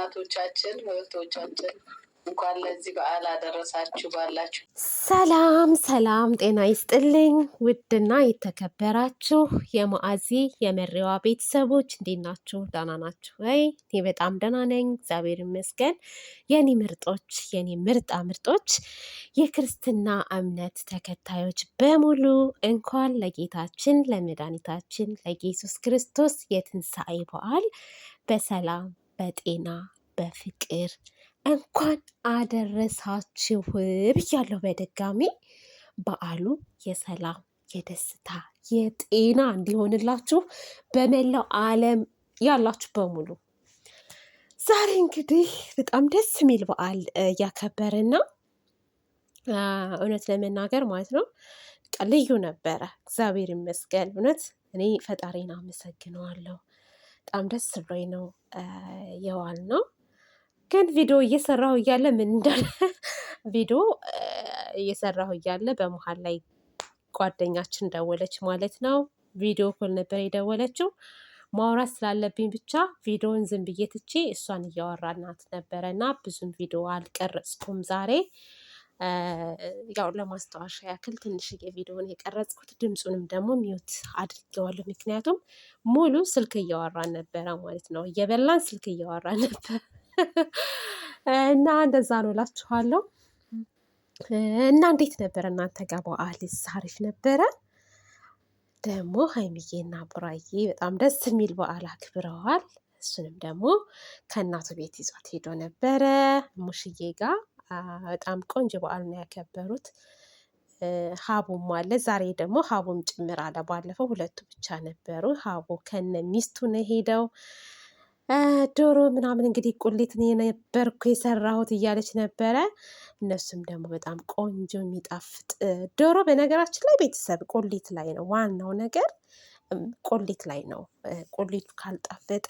እናቶቻችን እህቶቻችን እንኳን ለዚህ በዓል አደረሳችሁ። ባላችሁ ሰላም ሰላም፣ ጤና ይስጥልኝ። ውድና የተከበራችሁ የማአዚ የመሪዋ ቤተሰቦች እንዴት ናችሁ? ደህና ናችሁ ወይ? እኔ በጣም ደህና ነኝ፣ እግዚአብሔር ይመስገን። የኔ ምርጦች፣ የኔ ምርጣ ምርጦች፣ የክርስትና እምነት ተከታዮች በሙሉ እንኳን ለጌታችን ለመድኃኒታችን ለኢየሱስ ክርስቶስ የትንሣኤ በዓል በሰላም በጤና በፍቅር እንኳን አደረሳችሁ ብያለሁ። በድጋሚ በዓሉ የሰላም የደስታ የጤና እንዲሆንላችሁ በመላው ዓለም ያላችሁ በሙሉ ዛሬ እንግዲህ በጣም ደስ የሚል በዓል እያከበርና እውነት ለመናገር ማለት ነው ልዩ ነበረ። እግዚአብሔር ይመስገን። እውነት እኔ ፈጣሪን አመሰግነዋለሁ። በጣም ደስ ብሎኝ ነው የዋል ነው። ግን ቪዲዮ እየሰራሁ እያለ ምን እንዳለ ቪዲዮ እየሰራሁ እያለ በመሀል ላይ ጓደኛችን ደወለች ማለት ነው። ቪዲዮ ኮል ነበር የደወለችው። ማውራት ስላለብኝ ብቻ ቪዲዮን ዝም ብዬ ትቼ እሷን እያወራናት ነበረ እና ብዙም ቪዲዮ አልቀረጽኩም ዛሬ ያው ለማስታወሻ ያክል ትንሽዬ የቪዲዮን የቀረጽኩት ድምፁንም ደግሞ ሚውት አድርጌዋለሁ። ምክንያቱም ሙሉ ስልክ እያወራን ነበረ ማለት ነው፣ እየበላን ስልክ እያወራን ነበር እና እንደዛ ነው እላችኋለሁ። እና እንዴት ነበረ እናንተ ጋር በዓልስ? አሪፍ ነበረ። ደግሞ ሀይሚዬና ቡራዬ በጣም ደስ የሚል በዓል አክብረዋል። እሱንም ደግሞ ከእናቱ ቤት ይዟት ሄዶ ነበረ ሙሽዬ ጋር በጣም ቆንጆ በዓል ነው ያከበሩት። ሀቡም አለ። ዛሬ ደግሞ ሀቡም ጭምር አለ። ባለፈው ሁለቱ ብቻ ነበሩ። ሀቡ ከነ ሚስቱ ነው ሄደው ዶሮ ምናምን እንግዲህ ቁሌት የነበርኩ የሰራሁት እያለች ነበረ። እነሱም ደግሞ በጣም ቆንጆ የሚጣፍጥ ዶሮ። በነገራችን ላይ ቤተሰብ ቁሌት ላይ ነው ዋናው ነገር፣ ቁሌት ላይ ነው። ቁሌቱ ካልጣፈጠ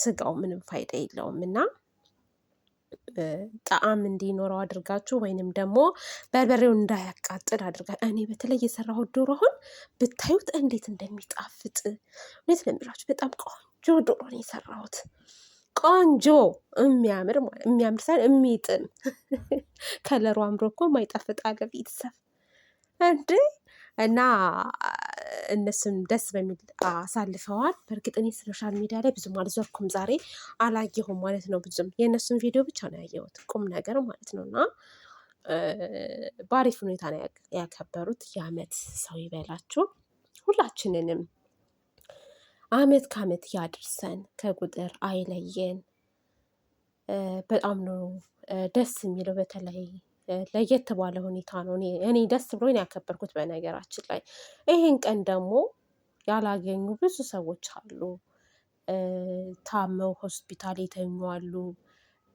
ስጋው ምንም ፋይዳ የለውም እና ጣዕም እንዲኖረው አድርጋችሁ ወይንም ደግሞ በርበሬውን እንዳያቃጥል አድርጋ እኔ በተለይ የሰራሁት ዶሮ አሁን ብታዩት እንዴት እንደሚጣፍጥ እውነት ነው የምላችሁ። በጣም ቆንጆ ዶሮ ነው የሰራሁት። ቆንጆ የሚያምር የሚያምር ሳይሆን የሚጥም ከለሩ አምሮ እኮ ማይጣፍጥ አገር ቤተሰብ እንዴ እና እነሱም ደስ በሚል አሳልፈዋል። በእርግጥ እኔ ሶሻል ሚዲያ ላይ ብዙም አልዞርኩም ዛሬ አላየሁም ማለት ነው። ብዙም የእነሱን ቪዲዮ ብቻ ነው ያየሁት ቁም ነገር ማለት ነው እና በአሪፍ ሁኔታ ነው ያከበሩት። የአመት ሰው ይበላችሁ ሁላችንንም አመት ከአመት ያድርሰን፣ ከቁጥር አይለየን። በጣም ነው ደስ የሚለው በተለይ ለየት ባለ ሁኔታ ነው እኔ ደስ ብሎ ያከበርኩት። በነገራችን ላይ ይህን ቀን ደግሞ ያላገኙ ብዙ ሰዎች አሉ። ታመው ሆስፒታል የተኙ አሉ።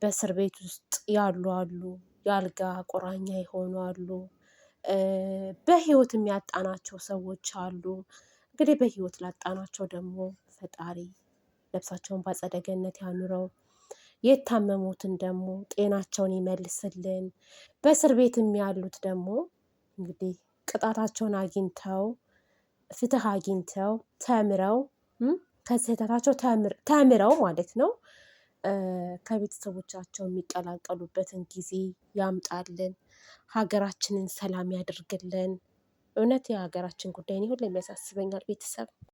በእስር ቤት ውስጥ ያሉ አሉ። የአልጋ ቁራኛ የሆኑ አሉ። በህይወት የሚያጣናቸው ሰዎች አሉ። እንግዲህ በህይወት ላጣናቸው ደግሞ ፈጣሪ ነፍሳቸውን ባጸደ ገነት ያኑረው። የታመሙትን ደግሞ ጤናቸውን ይመልስልን። በእስር ቤትም ያሉት ደግሞ እንግዲህ ቅጣታቸውን አግኝተው ፍትህ አግኝተው ተምረው ከስህተታቸው ተምረው ማለት ነው ከቤተሰቦቻቸው የሚቀላቀሉበትን ጊዜ ያምጣልን። ሀገራችንን ሰላም ያድርግልን። እውነት የሀገራችን ጉዳይ ሁሌም ያሳስበኛል ቤተሰብ